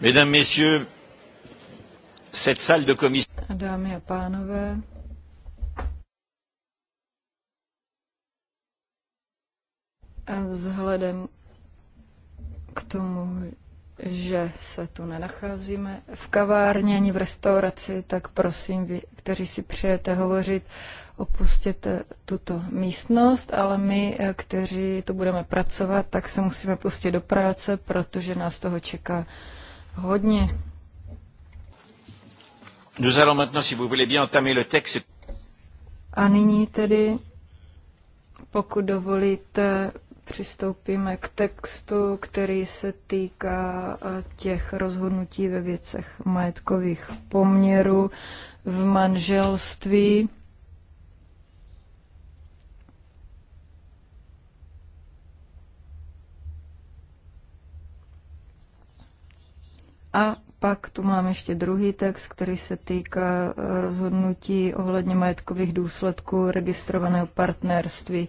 Mesdames, Messieurs, cette salle de commission. Dámy a pánové, a vzhledem k tomu, že se tu nenacházíme v kavárně ani v restauraci, tak prosím, vy, kteří si přejete hovořit, opustěte tuto místnost, ale my, eh, kteří tu budeme pracovat, tak se musíme pustit do práce, protože nás toho čeká hodně. Nous allons maintenant, si vous voulez bien, entamer le texte. A nyní tedy, pokud dovolíte, přistoupíme k textu, který se týká eh, těch rozhodnutí ve věcech majetkových poměrů v manželství A pak tu mám ještě druhý text, který se týká eh, rozhodnutí ohledně majetkových důsledků registrovaného partnerství.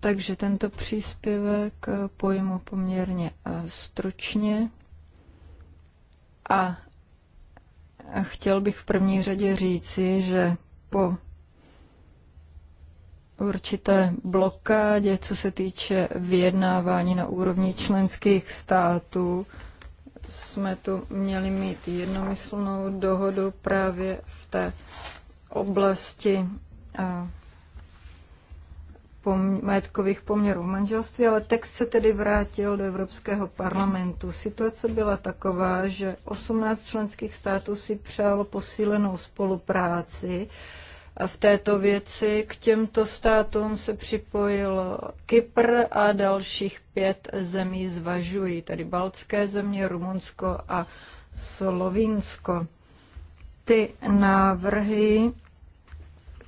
Takže tento příspěvek eh, pojmu poměrně eh, stručně a chtěl bych v první řadě říci, že po určité blokádě, co se týče vyjednávání na úrovni členských států, jsme tu měli mít jednomyslnou dohodu právě v té oblasti eh, majetkových poměrů v manželství, ale text se tedy vrátil do Evropského parlamentu. Situace byla taková, že 18 členských států si přálo posílenou spolupráci v této věci. K těmto státům se připojil Kypr a dalších pět zemí zvažují, tedy Baltské země, Rumunsko a Slovinsko. Ty návrhy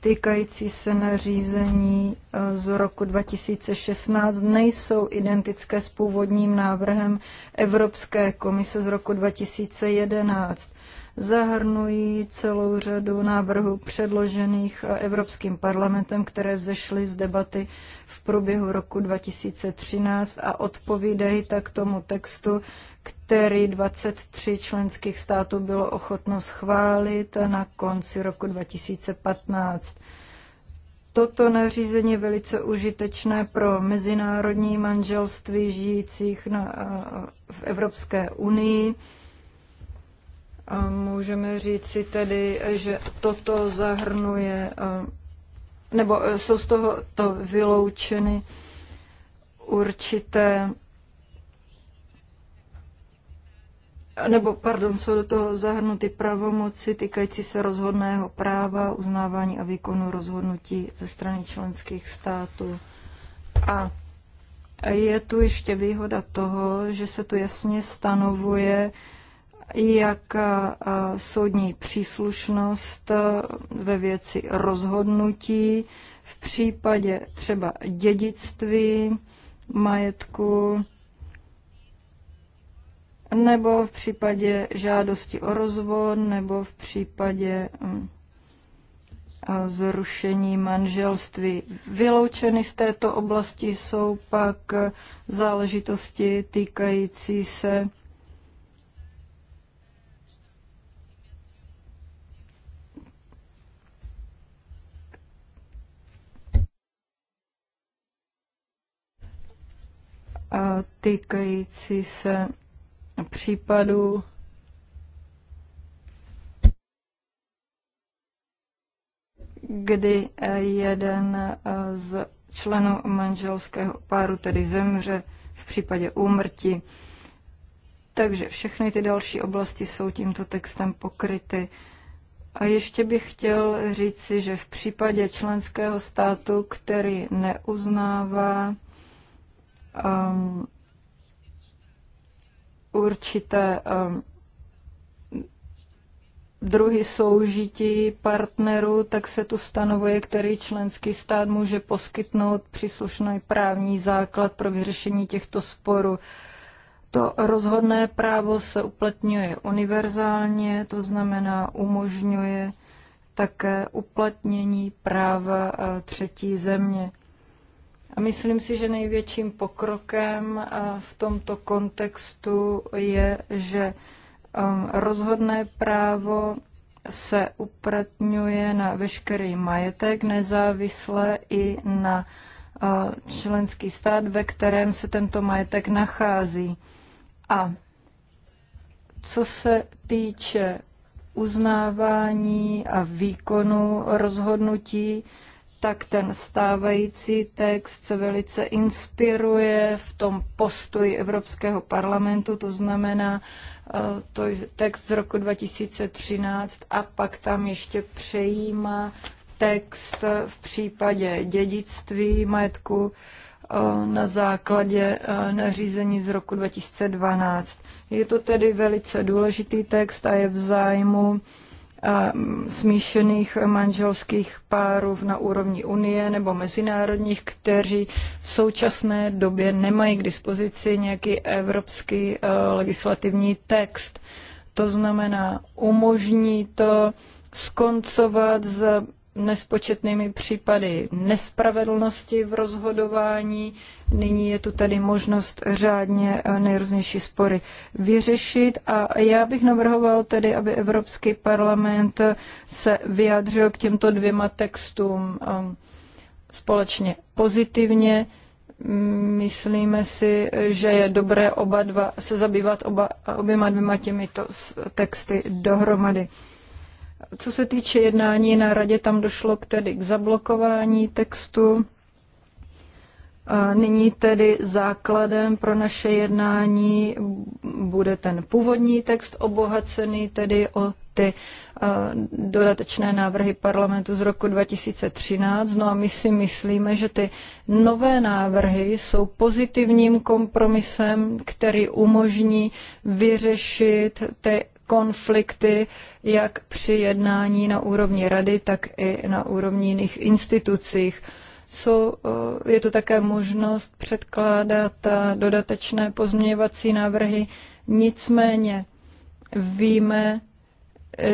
týkající se nařízení eh, z roku 2016 nejsou identické s původním návrhem Evropské komise z roku 2011 zahrnují celou řadu návrhů předložených eh, Evropským parlamentem, které vzešly z debaty v průběhu roku 2013 a odpovídají tak tomu textu, který 23 členských států bylo ochotno schválit na konci roku 2015. Toto nařízení je velice užitečné pro mezinárodní manželství žijících na, eh, v Evropské unii a můžeme říct si tedy, že toto zahrnuje, eh, nebo eh, jsou z toho to vyloučeny určité nebo pardon, jsou do toho zahrnuty pravomoci týkající se rozhodného práva, uznávání a výkonu rozhodnutí ze strany členských států. A je tu ještě výhoda toho, že se tu jasně stanovuje jak soudní příslušnost ve věci rozhodnutí v případě třeba dědictví, majetku nebo v případě žádosti o rozvod nebo v případě hm, zrušení manželství. Vyloučeny z této oblasti jsou pak záležitosti týkající se týkající se případů kdy eh, jeden eh, z členů manželského páru tedy zemře v případě úmrtí. Takže všechny ty další oblasti jsou tímto textem pokryty. A ještě bych chtěl říci, že v případě členského státu, který neuznává um, určité um, druhy soužití partnerů, tak se tu stanovuje, který členský stát může poskytnout příslušný právní základ pro vyřešení těchto sporů. To rozhodné právo se uplatňuje univerzálně, to znamená umožňuje také uplatnění práva eh, třetí země. A myslím si, že největším pokrokem eh, v tomto kontextu je, že eh, rozhodné právo se upratňuje na veškerý majetek, nezávisle i na eh, členský stát, ve kterém se tento majetek nachází. A co se týče uznávání a výkonu rozhodnutí, tak ten stávající text se velice inspiruje v tom postoji Evropského parlamentu, to znamená eh, to je text z roku 2013 a pak tam ještě přejímá text v případě dědictví majetku eh, na základě eh, nařízení z roku 2012. Je to tedy velice důležitý text a je v zájmu smíšených manželských párů na úrovni Unie nebo mezinárodních, kteří v současné době nemají k dispozici nějaký evropský e, legislativní text. To znamená, umožní to skoncovat s nespočetnými případy nespravedlnosti v rozhodování. Nyní je tu tady možnost řádně eh, nejrůznější spory vyřešit a já bych navrhoval tedy, aby Evropský parlament se vyjádřil k těmto dvěma textům eh, společně pozitivně. Myslíme si, že je dobré oba dva se zabývat oba, oběma dvěma těmito texty dohromady. Co se týče jednání na radě, tam došlo k tedy k zablokování textu. A nyní tedy základem pro naše jednání bude ten původní text obohacený tedy o ty dodatečné návrhy parlamentu z roku 2013. No a my si myslíme, že ty nové návrhy jsou pozitivním kompromisem, který umožní vyřešit ty konflikty jak při jednání na úrovni rady, tak i na úrovni jiných institucích. Jsou, eh, je to také možnost předkládat eh, dodatečné pozměňovací návrhy. Nicméně víme,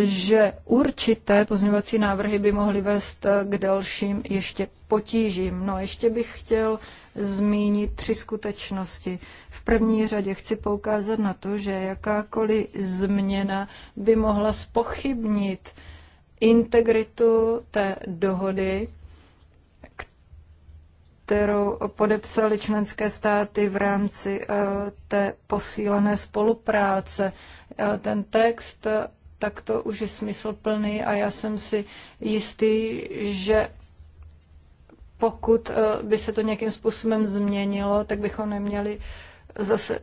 že určité pozměňovací návrhy by mohly vést k dalším ještě potížím. No ještě bych chtěl zmínit tři skutečnosti. V první řadě chci poukázat na to, že jakákoliv změna by mohla spochybnit integritu té dohody, kterou podepsaly členské státy v rámci eh, té posílené spolupráce. Eh, ten text tak to už je smysl plný a já jsem si jistý, že pokud eh, by se to nějakým způsobem změnilo, tak bychom neměli zase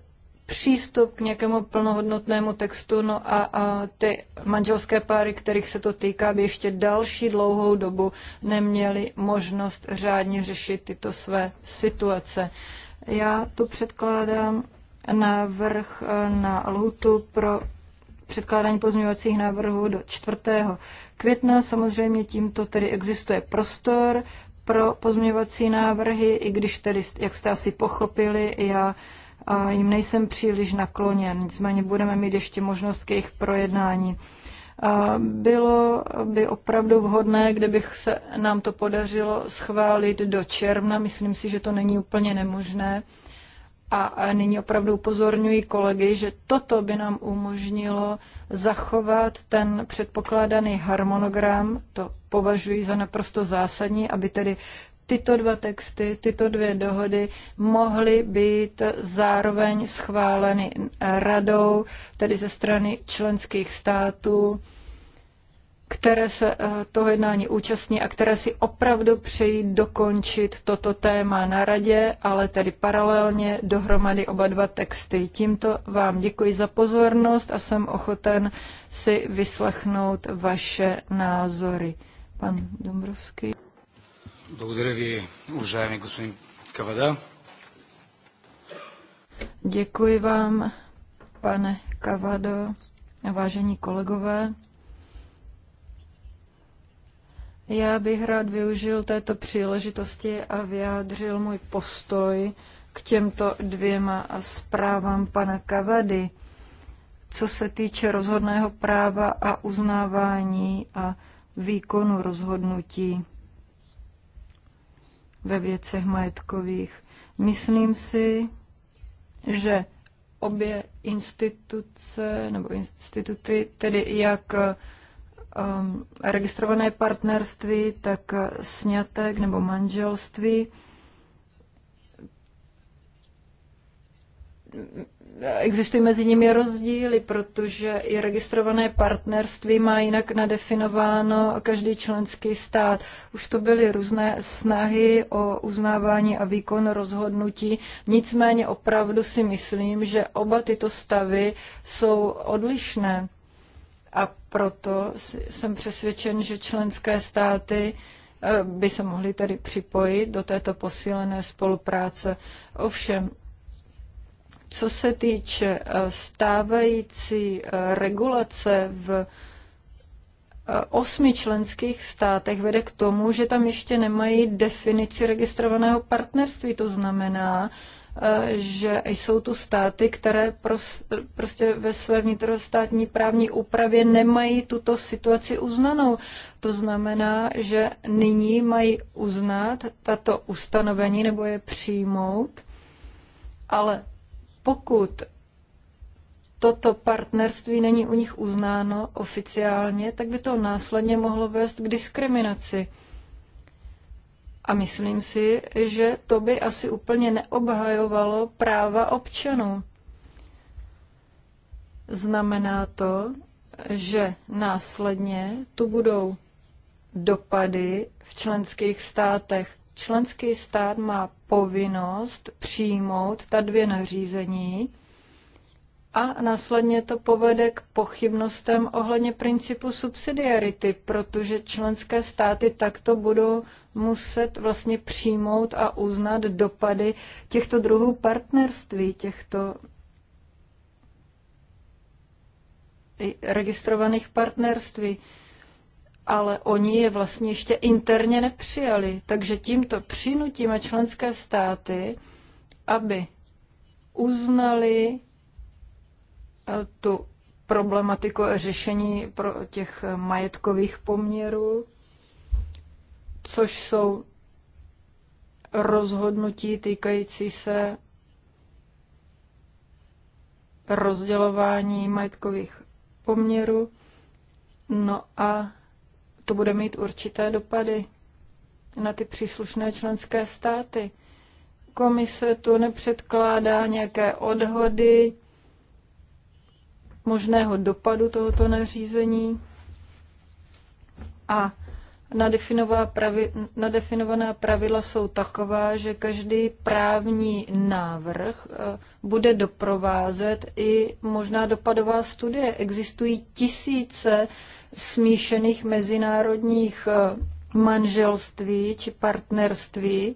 přístup k nějakému plnohodnotnému textu, no a, a ty manželské páry, kterých se to týká, by ještě další dlouhou dobu neměly možnost řádně řešit tyto své situace. Já tu předkládám návrh eh, na lhutu pro předkládání pozměňovacích návrhů do 4. května. Samozřejmě tímto tedy existuje prostor pro pozměňovací návrhy, i když tedy, jak jste asi pochopili, já jim nejsem příliš nakloněn. Nicméně budeme mít ještě možnost k jejich projednání. Bylo by opravdu vhodné, kdybych se nám to podařilo schválit do června. Myslím si, že to není úplně nemožné. A nyní opravdu upozorňuji kolegy, že toto by nám umožnilo zachovat ten předpokládaný harmonogram. To považuji za naprosto zásadní, aby tedy tyto dva texty, tyto dvě dohody mohly být zároveň schváleny radou, tedy ze strany členských států které se eh, toho jednání účastní a které si opravdu přejí dokončit toto téma na radě, ale tedy paralelně dohromady oba dva texty. Tímto vám děkuji za pozornost a jsem ochoten si vyslechnout vaše názory. Pan Dombrovský. Благодаря ви, Děkuji vám, pane Kavado, vážení kolegové. Já bych rád využil této příležitosti a vyjádřil můj postoj k těmto dvěma zprávám pana Kavady, co se týče rozhodného práva a uznávání a výkonu rozhodnutí ve věcech majetkových. Myslím si, že obě instituce nebo instituty, tedy jak um, registrované partnerství, tak snětek nebo manželství. Existují mezi nimi rozdíly, protože i registrované partnerství má jinak nadefinováno každý členský stát. Už to byly různé snahy o uznávání a výkon rozhodnutí. Nicméně opravdu si myslím, že oba tyto stavy jsou odlišné a proto jsem přesvědčen, že členské státy eh, by se mohly tedy připojit do této posílené spolupráce. Ovšem, co se týče eh, stávající eh, regulace v osmi členských státech vede k tomu, že tam ještě nemají definici registrovaného partnerství. To znamená, že jsou tu státy, které prostě ve své vnitrostátní právní úpravě nemají tuto situaci uznanou. To znamená, že nyní mají uznat tato ustanovení nebo je přijmout, ale pokud toto partnerství není u nich uznáno oficiálně, tak by to následně mohlo vést k diskriminaci. A myslím si, že to by asi úplně neobhajovalo práva občanů. Znamená to, že následně tu budou dopady v členských státech. Členský stát má povinnost přijmout ta dvě nařízení a následně to povede k pochybnostem ohledně principu subsidiarity, protože členské státy takto budou muset vlastně přijmout a uznat dopady těchto druhů partnerství, těchto registrovaných partnerství. Ale oni je vlastně ještě interně nepřijali. Takže tímto přinutíme členské státy, aby uznali tu problematiku řešení pro těch majetkových poměrů, což jsou rozhodnutí týkající se rozdělování majetkových poměrů. No a to bude mít určité dopady na ty příslušné členské státy. Komise tu nepředkládá nějaké odhody, možného dopadu tohoto nařízení a nadefinovaná pravidla jsou taková, že každý právní návrh eh, bude doprovázet i možná dopadová studie. Existují tisíce smíšených mezinárodních eh, manželství či partnerství.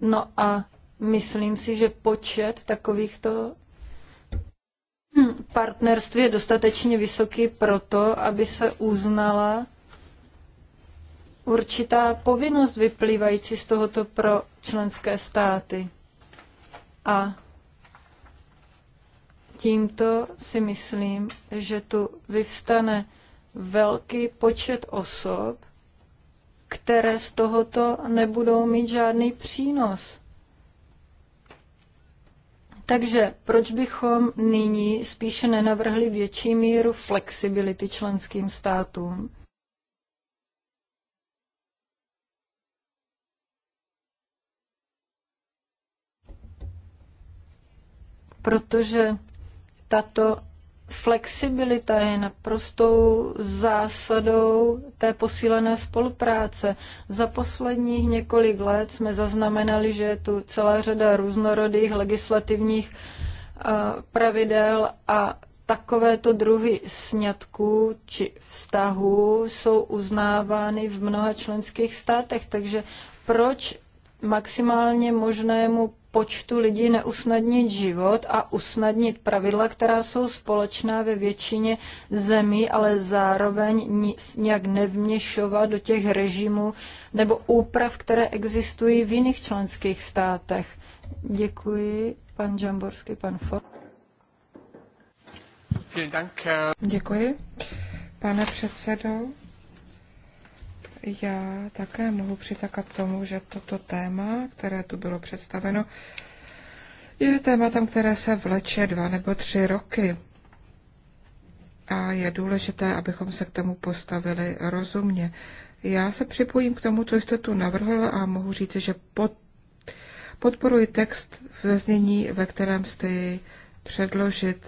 No a myslím si, že počet takovýchto Hm, partnerství je dostatečně vysoký proto, aby se uznala určitá povinnost vyplývající z tohoto pro členské státy. A tímto si myslím, že tu vyvstane velký počet osob, které z tohoto nebudou mít žádný přínos. Takže proč bychom nyní spíše nenavrhli větší míru flexibility členským státům? Protože tato Flexibilita je naprostou zásadou té posílené spolupráce. Za posledních několik let jsme zaznamenali, že je tu celá řada různorodých legislativních eh, pravidel a takovéto druhy sňatků či vztahů jsou uznávány v mnoha členských státech, takže proč maximálně možnému počtu lidí neusnadnit život a usnadnit pravidla, která jsou společná ve většině zemí, ale zároveň nějak nevměšovat do těch režimů nebo úprav, které existují v jiných členských státech. Děkuji, pan Džamborský, pan Ford. Děkuji, pane předsedo já také mohu přitakat tomu, že toto téma, které tu bylo představeno, je tématem, které se vleče dva nebo tři roky. A je důležité, abychom se k tomu postavili rozumně. Já se připojím k tomu, co jste tu navrhl a mohu říct, že pod, podporuji text ve znění, ve kterém jste ji předložit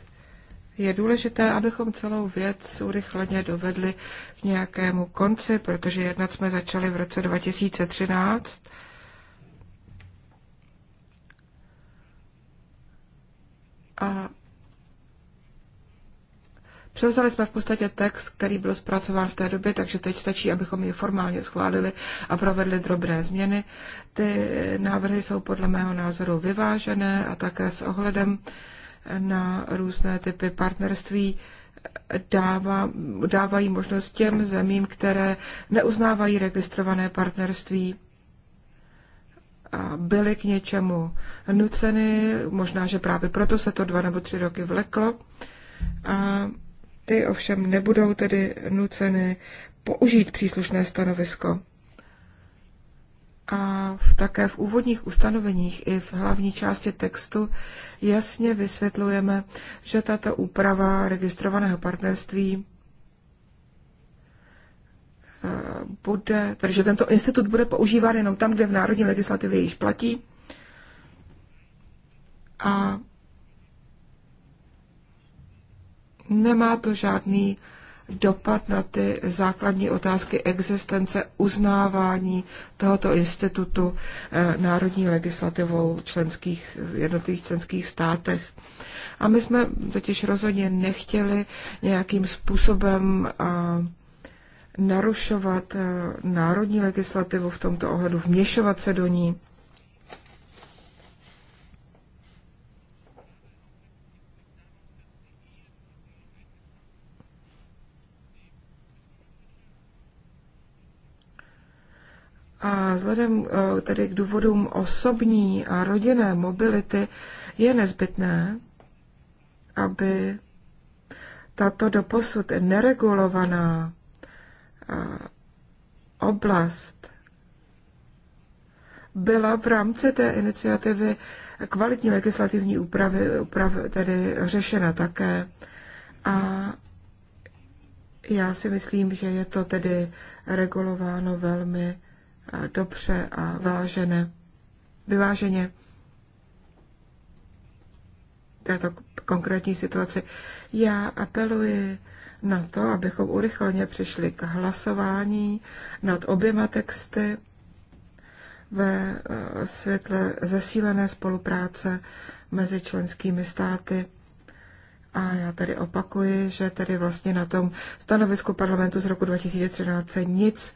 je důležité, abychom celou věc urychleně dovedli k nějakému konci, protože jednat jsme začali v roce 2013. A Převzali jsme v podstatě text, který byl zpracován v té době, takže teď stačí, abychom ji formálně schválili a provedli drobné změny. Ty návrhy jsou podle mého názoru vyvážené a také s ohledem na různé typy partnerství dává, dávají možnost těm zemím, které neuznávají registrované partnerství, a byly k něčemu nuceny, možná, že právě proto se to dva nebo tři roky vleklo. A ty ovšem nebudou tedy nuceny použít příslušné stanovisko a v také v úvodních ustanoveních i v hlavní části textu jasně vysvětlujeme, že tato úprava registrovaného partnerství eh, bude, takže tento institut bude používán jenom tam, kde v národní legislativě již platí. A nemá to žádný dopad na ty základní otázky existence, uznávání tohoto institutu eh, národní legislativou členských, jednotlivých členských státech. A my jsme totiž rozhodně nechtěli nějakým způsobem eh, narušovat eh, národní legislativu v tomto ohledu, vměšovat se do ní. A vzhledem eh, tedy k důvodům osobní a rodinné mobility je nezbytné, aby tato doposud neregulovaná eh, oblast byla v rámci té iniciativy kvalitní legislativní úpravy, úpravy tedy řešena také. A já si myslím, že je to tedy regulováno velmi dobře a vážené, vyváženě této konkrétní situaci. Já apeluji na to, abychom urychleně přišli k hlasování nad oběma texty ve eh, světle zesílené spolupráce mezi členskými státy. A já tady opakuji, že tady vlastně na tom stanovisku parlamentu z roku 2013 se nic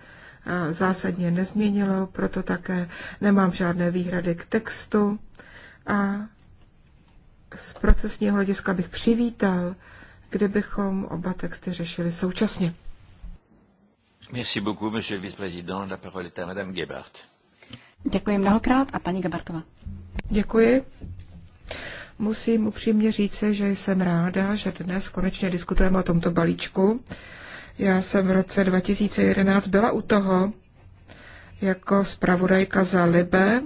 zásadně nezměnilo, proto také nemám žádné výhrady k textu a z procesního hlediska bych přivítal, kdybychom oba texty řešili současně. Merci beaucoup, monsieur le vice-président. La parole est à madame Gebhardt. Děkuji mnohokrát a paní Gebartová. Děkuji. Musím upřímně říci, že jsem ráda, že dnes konečně diskutujeme o tomto balíčku. Já jsem v roce 2011 byla u toho jako zpravodajka za Libe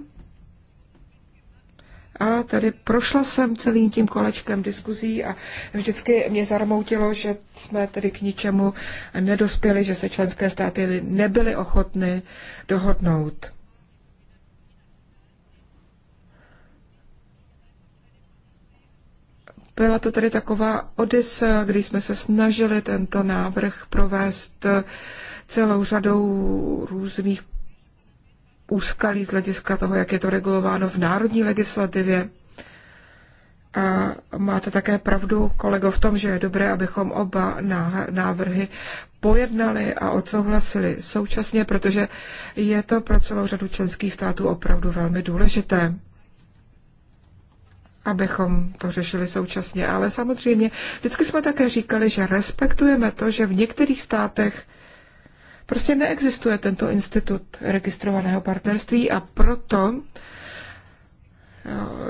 a tedy prošla jsem celým tím kolečkem diskuzí a vždycky mě zarmoutilo, že jsme tedy k ničemu nedospěli, že se členské státy nebyly ochotny dohodnout. Byla to tedy taková odysa, kdy jsme se snažili tento návrh provést eh, celou řadou různých úskalí z hlediska toho, jak je to regulováno v národní legislativě. A máte také pravdu, kolego, v tom, že je dobré, abychom oba návrhy pojednali a odsouhlasili současně, protože je to pro celou řadu členských států opravdu velmi důležité abychom to řešili současně. Ale samozřejmě vždycky jsme také říkali, že respektujeme to, že v některých státech prostě neexistuje tento institut registrovaného partnerství a proto eh,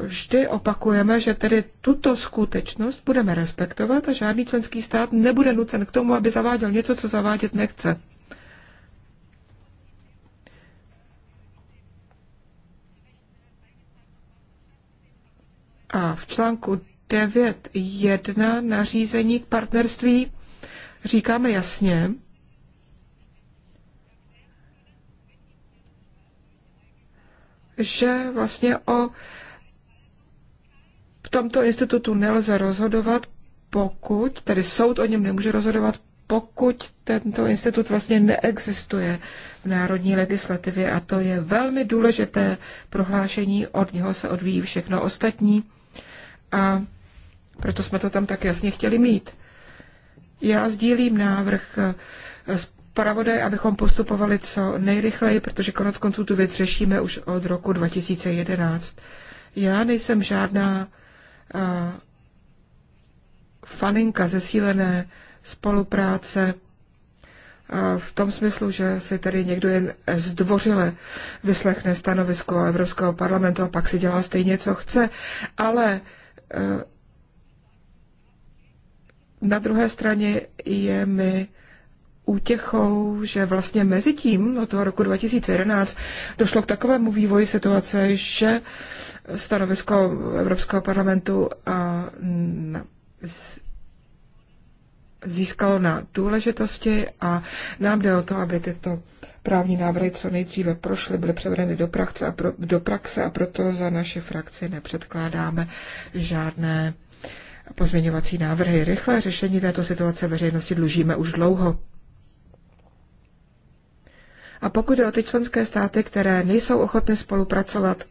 vždy opakujeme, že tedy tuto skutečnost budeme respektovat a žádný členský stát nebude nucen k tomu, aby zaváděl něco, co zavádět nechce. A v článku 9.1 nařízení k partnerství říkáme jasně, že vlastně o tomto institutu nelze rozhodovat, pokud, tedy soud o něm nemůže rozhodovat, pokud tento institut vlastně neexistuje v národní legislativě a to je velmi důležité prohlášení, od něho se odvíjí všechno ostatní a proto jsme to tam tak jasně chtěli mít. Já sdílím návrh eh, zpravodaj, abychom postupovali co nejrychleji, protože konec konců tu věc řešíme už od roku 2011. Já nejsem žádná uh, faninka zesílené spolupráce eh, v tom smyslu, že si tady někdo jen zdvořile vyslechne stanovisko Evropského parlamentu a pak si dělá stejně, co chce, ale na druhé straně je mi útěchou, že vlastně mezi tím od no toho roku 2011 došlo k takovému vývoji situace, že stanovisko Evropského parlamentu a získalo na důležitosti a nám jde o to, aby tyto právní návrhy co nejdříve prošly, byly převedeny do praxe a, pro, do praxe a proto za naše frakci nepředkládáme žádné pozměňovací návrhy. Rychlé řešení této situace veřejnosti dlužíme už dlouho. A pokud je o ty členské státy, které nejsou ochotny spolupracovat,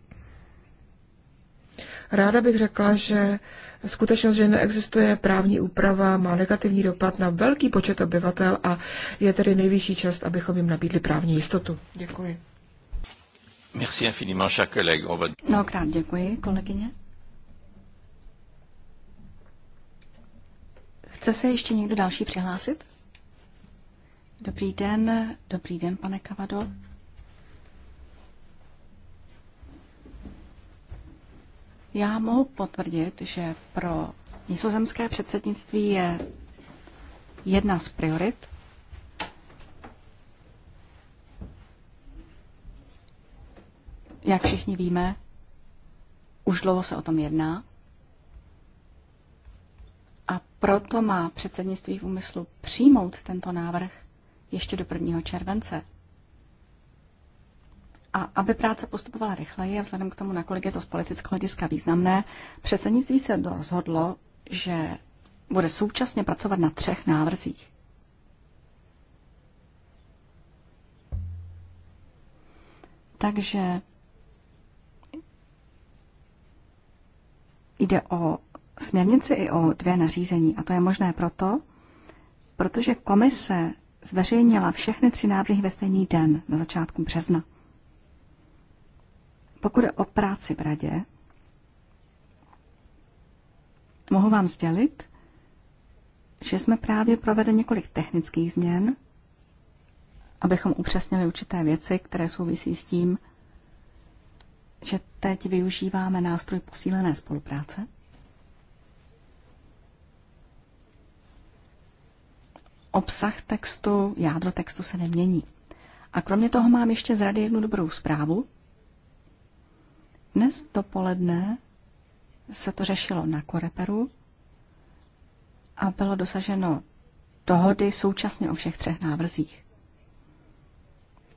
ráda bych řekla, že Skutečnost, že neexistuje právní úprava, má negativní dopad na velký počet obyvatel a je tedy nejvyšší čas, abychom jim nabídli právní jistotu. Děkuji. Merci infiniment, chers collègues. On va... Mnohokrát děkuji, kolegyně. Chce se ještě někdo další přihlásit? Dobrý den, dobrý den, pane Kavado. Já mohu potvrdit, že pro nizozemské předsednictví je jedna z priorit Jak všichni víme, už dlouho se o tom jedná. A proto má předsednictví v úmyslu přijmout tento návrh ještě do 1. července a aby práce postupovala rychleji a vzhledem k tomu, nakolik je to z politického hlediska významné, předsednictví se rozhodlo, že bude současně pracovat na třech návrzích. Takže jde o směrnici i o dvě nařízení. A to je možné proto, protože komise zveřejnila všechny tři návrhy ve stejný den na začátku března. Pokud je o práci v radě, mohu vám sdělit, že jsme právě provedli několik technických změn, abychom upřesnili určité věci, které souvisí s tím, že teď využíváme nástroj posílené spolupráce. Obsah textu, jádro textu se nemění. A kromě toho mám ještě z rady jednu dobrou zprávu, dnes dopoledne se to řešilo na Koreperu a bylo dosaženo dohody současně o všech třech návrzích.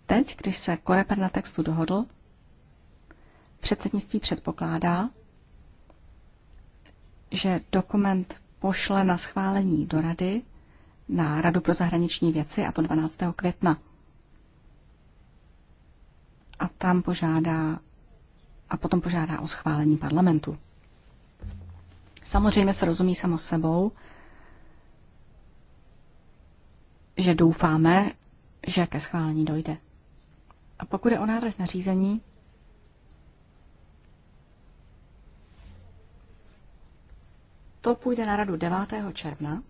Teď, když se Koreper na textu dohodl, předsednictví předpokládá, že dokument pošle na schválení do rady na Radu pro zahraniční věci, a to 12. května. A tam požádá a potom požádá o schválení parlamentu. Samozřejmě se rozumí samo sebou, že doufáme, že ke schválení dojde. A pokud je o návrh nařízení, to půjde na radu 9. června.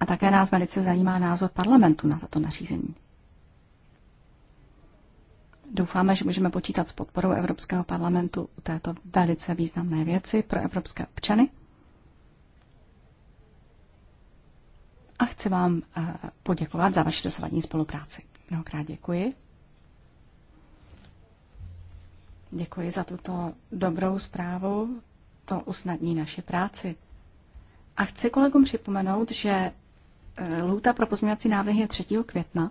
A také nás velice zajímá názor parlamentu na toto nařízení. Doufáme, že můžeme počítat s podporou Evropského parlamentu u této velice významné věci pro evropské občany. A chci vám eh, poděkovat za vaši dosavadní spolupráci. Mnohokrát děkuji. Děkuji za tuto dobrou zprávu. To usnadní naši práci. A chci kolegům připomenout, že eh, lhůta pro pozměňovací návrhy je 3. května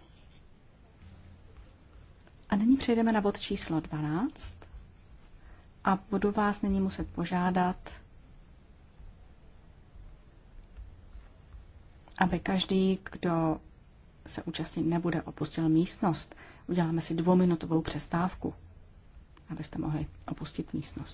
a nyní přejdeme na bod číslo 12 a budu vás nyní muset požádat, aby každý, kdo se účastnit nebude, opustil místnost. Uděláme si dvouminutovou přestávku, abyste mohli opustit místnost.